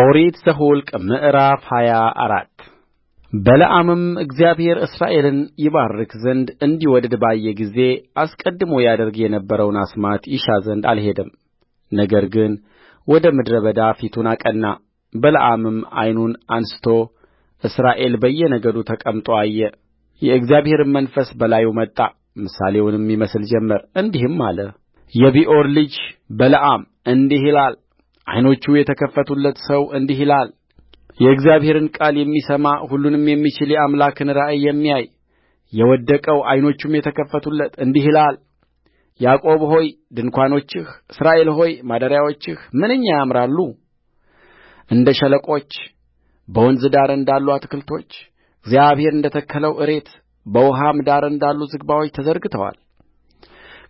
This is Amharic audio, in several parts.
ኦሪት ዘኍልቍ ምዕራፍ ሃያ አራት በለዓምም እግዚአብሔር እስራኤልን ይባርክ ዘንድ እንዲወድድ ባየ ጊዜ አስቀድሞ ያደርግ የነበረውን አስማት ይሻ ዘንድ አልሄደም። ነገር ግን ወደ ምድረ በዳ ፊቱን አቀና። በለዓምም ዓይኑን አንሥቶ እስራኤል በየነገዱ ተቀምጦ አየ። የእግዚአብሔርም መንፈስ በላዩ መጣ። ምሳሌውንም ይመስል ጀመር፣ እንዲህም አለ፦ የቢዖር ልጅ በለዓም እንዲህ ይላል ዓይኖቹ የተከፈቱለት ሰው እንዲህ ይላል የእግዚአብሔርን ቃል የሚሰማ ሁሉንም የሚችል የአምላክን ራእይ የሚያይ የወደቀው ዓይኖቹም የተከፈቱለት እንዲህ ይላል ያዕቆብ ሆይ ድንኳኖችህ እስራኤል ሆይ ማደሪያዎችህ ምንኛ ያምራሉ እንደ ሸለቆች በወንዝ ዳር እንዳሉ አትክልቶች እግዚአብሔር እንደ ተከለው እሬት በውኃም ዳር እንዳሉ ዝግባዎች ተዘርግተዋል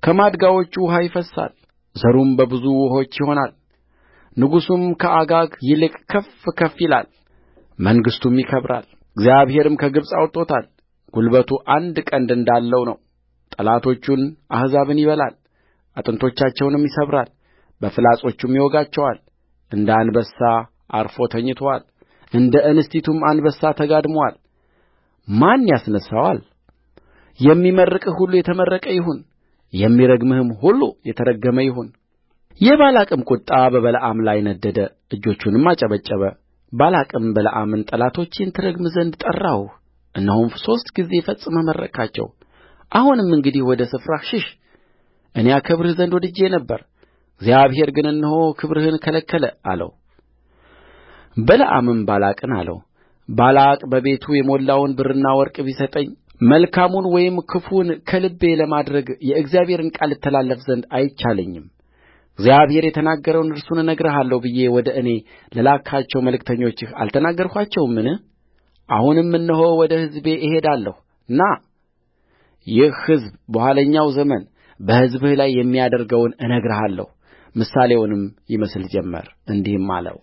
ከማድጋዎቹ ውኃ ይፈስሳል ዘሩም በብዙ ውኆች ይሆናል ንጉሡም ከአጋግ ይልቅ ከፍ ከፍ ይላል መንግሥቱም ይከብራል እግዚአብሔርም ከግብፅ አውጥቶታል ጕልበቱ አንድ ቀንድ እንዳለው ነው ጠላቶቹን አሕዛብን ይበላል አጥንቶቻቸውንም ይሰብራል በፍላጾቹም ይወጋቸዋል እንደ አንበሳ ዐርፎ ተኝቶአል እንደ እንስቲቱም አንበሳ ተጋድሞአል ማን ያስነሣዋል የሚመርቅህ ሁሉ የተመረቀ ይሁን የሚረግምህም ሁሉ የተረገመ ይሁን የባላቅም ቍጣ በበለዓም ላይ ነደደ እጆቹንም አጨበጨበ ባላቅም በለዓምን ጠላቶቼን ትረግም ዘንድ ጠራሁህ እነሆም ሦስት ጊዜ ፈጽመህ መረቅሃቸው አሁንም እንግዲህ ወደ ስፍራህ እኔ አከብርህ ዘንድ ወድጄ ነበር እግዚአብሔር ግን እነሆ ክብርህን ከለከለ በለዓምም ባላቅን አለው ባላቅ በቤቱ የሞላውን ብርና ወርቅ ቢሰጠኝ መልካሙን ወይም ክፉውን ከልቤ ለማድረግ የእግዚአብሔርን ቃል እተላለፍ ዘንድ አይቻለኝም እግዚአብሔር የተናገረውን እርሱን እነግርሃለሁ ብዬ ወደ እኔ ለላክሃቸው መልእክተኞችህ አልተናገርኋቸውምን አሁንም እነሆ ወደ ሕዝቤ እሄዳለሁ ና ይህ ሕዝብ በኋለኛው ዘመን በሕዝብህ ላይ የሚያደርገውን እነግርሃለሁ ምሳሌውንም ይመስል ጀመር እንዲህም አለው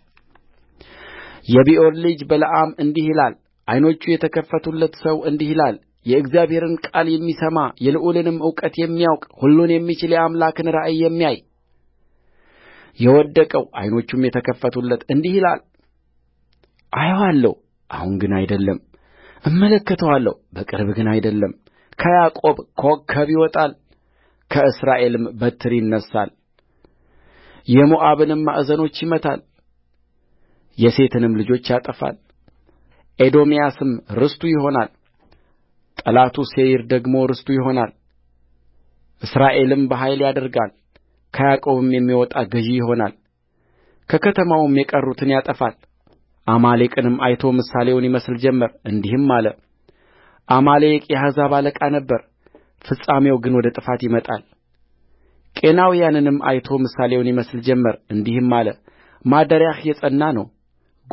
የቢዖር ልጅ በለዓም እንዲህ ይላል ዓይኖቹ የተከፈቱለት ሰው እንዲህ ይላል የእግዚአብሔርን ቃል የሚሰማ የልዑልንም እውቀት የሚያውቅ ሁሉን የሚችል የአምላክን ራእይ የሚያይ የወደቀው ዓይኖቹም የተከፈቱለት እንዲህ ይላል አየዋለሁ አሁን ግን አይደለም እመለከተዋለሁ በቅርብ ግን አይደለም ከያዕቆብ ኮከብ ይወጣል ከእስራኤልም በትር የሞዓብንም ማዕዘኖች ይመታል የሴትንም ልጆች ያጠፋል ኤዶምያስም ርስቱ ይሆናል ጠላቱ ሴይር ደግሞ ርስቱ ይሆናል እስራኤልም በኃይል ያደርጋል ከያዕቆብም የሚወጣ ገዥ ይሆናል ከከተማውም የቀሩትን ያጠፋል አማሌቅንም አይቶ ምሳሌውን ይመስል ጀመር እንዲህም አለ አማሌቅ የአሕዛብ አለቃ ነበረ ፍጻሜው ግን ወደ ጥፋት ይመጣል ቄናውያንንም አይቶ ምሳሌውን ይመስል ጀመር እንዲህም አለ ማደሪያህ የጸና ነው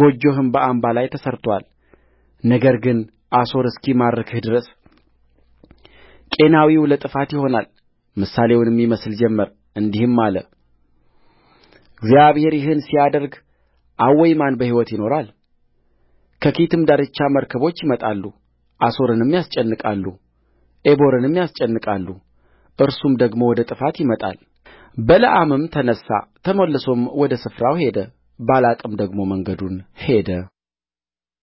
ጎጆህም በአምባ ላይ ተሠርቶአል ነገር ግን አሦር እስኪማርክህ ድረስ ቄናዊው ለጥፋት ይሆናል ምሳሌውንም ይመስል ጀመር እንዲህም አለ እግዚአብሔር ይህን ሲያደርግ አወይ ማን በሕይወት ይኖራል ከኪቲም ዳርቻ መርከቦች ይመጣሉ አሦርንም ያስጨንቃሉ ዔቦርንም ያስጨንቃሉ እርሱም ደግሞ ወደ ጥፋት ይመጣልበለዓምም ተነሣ ተመልሶም ወደ ስፍራው ሄደ ባላቅም ደግሞ መንገዱን ሄደ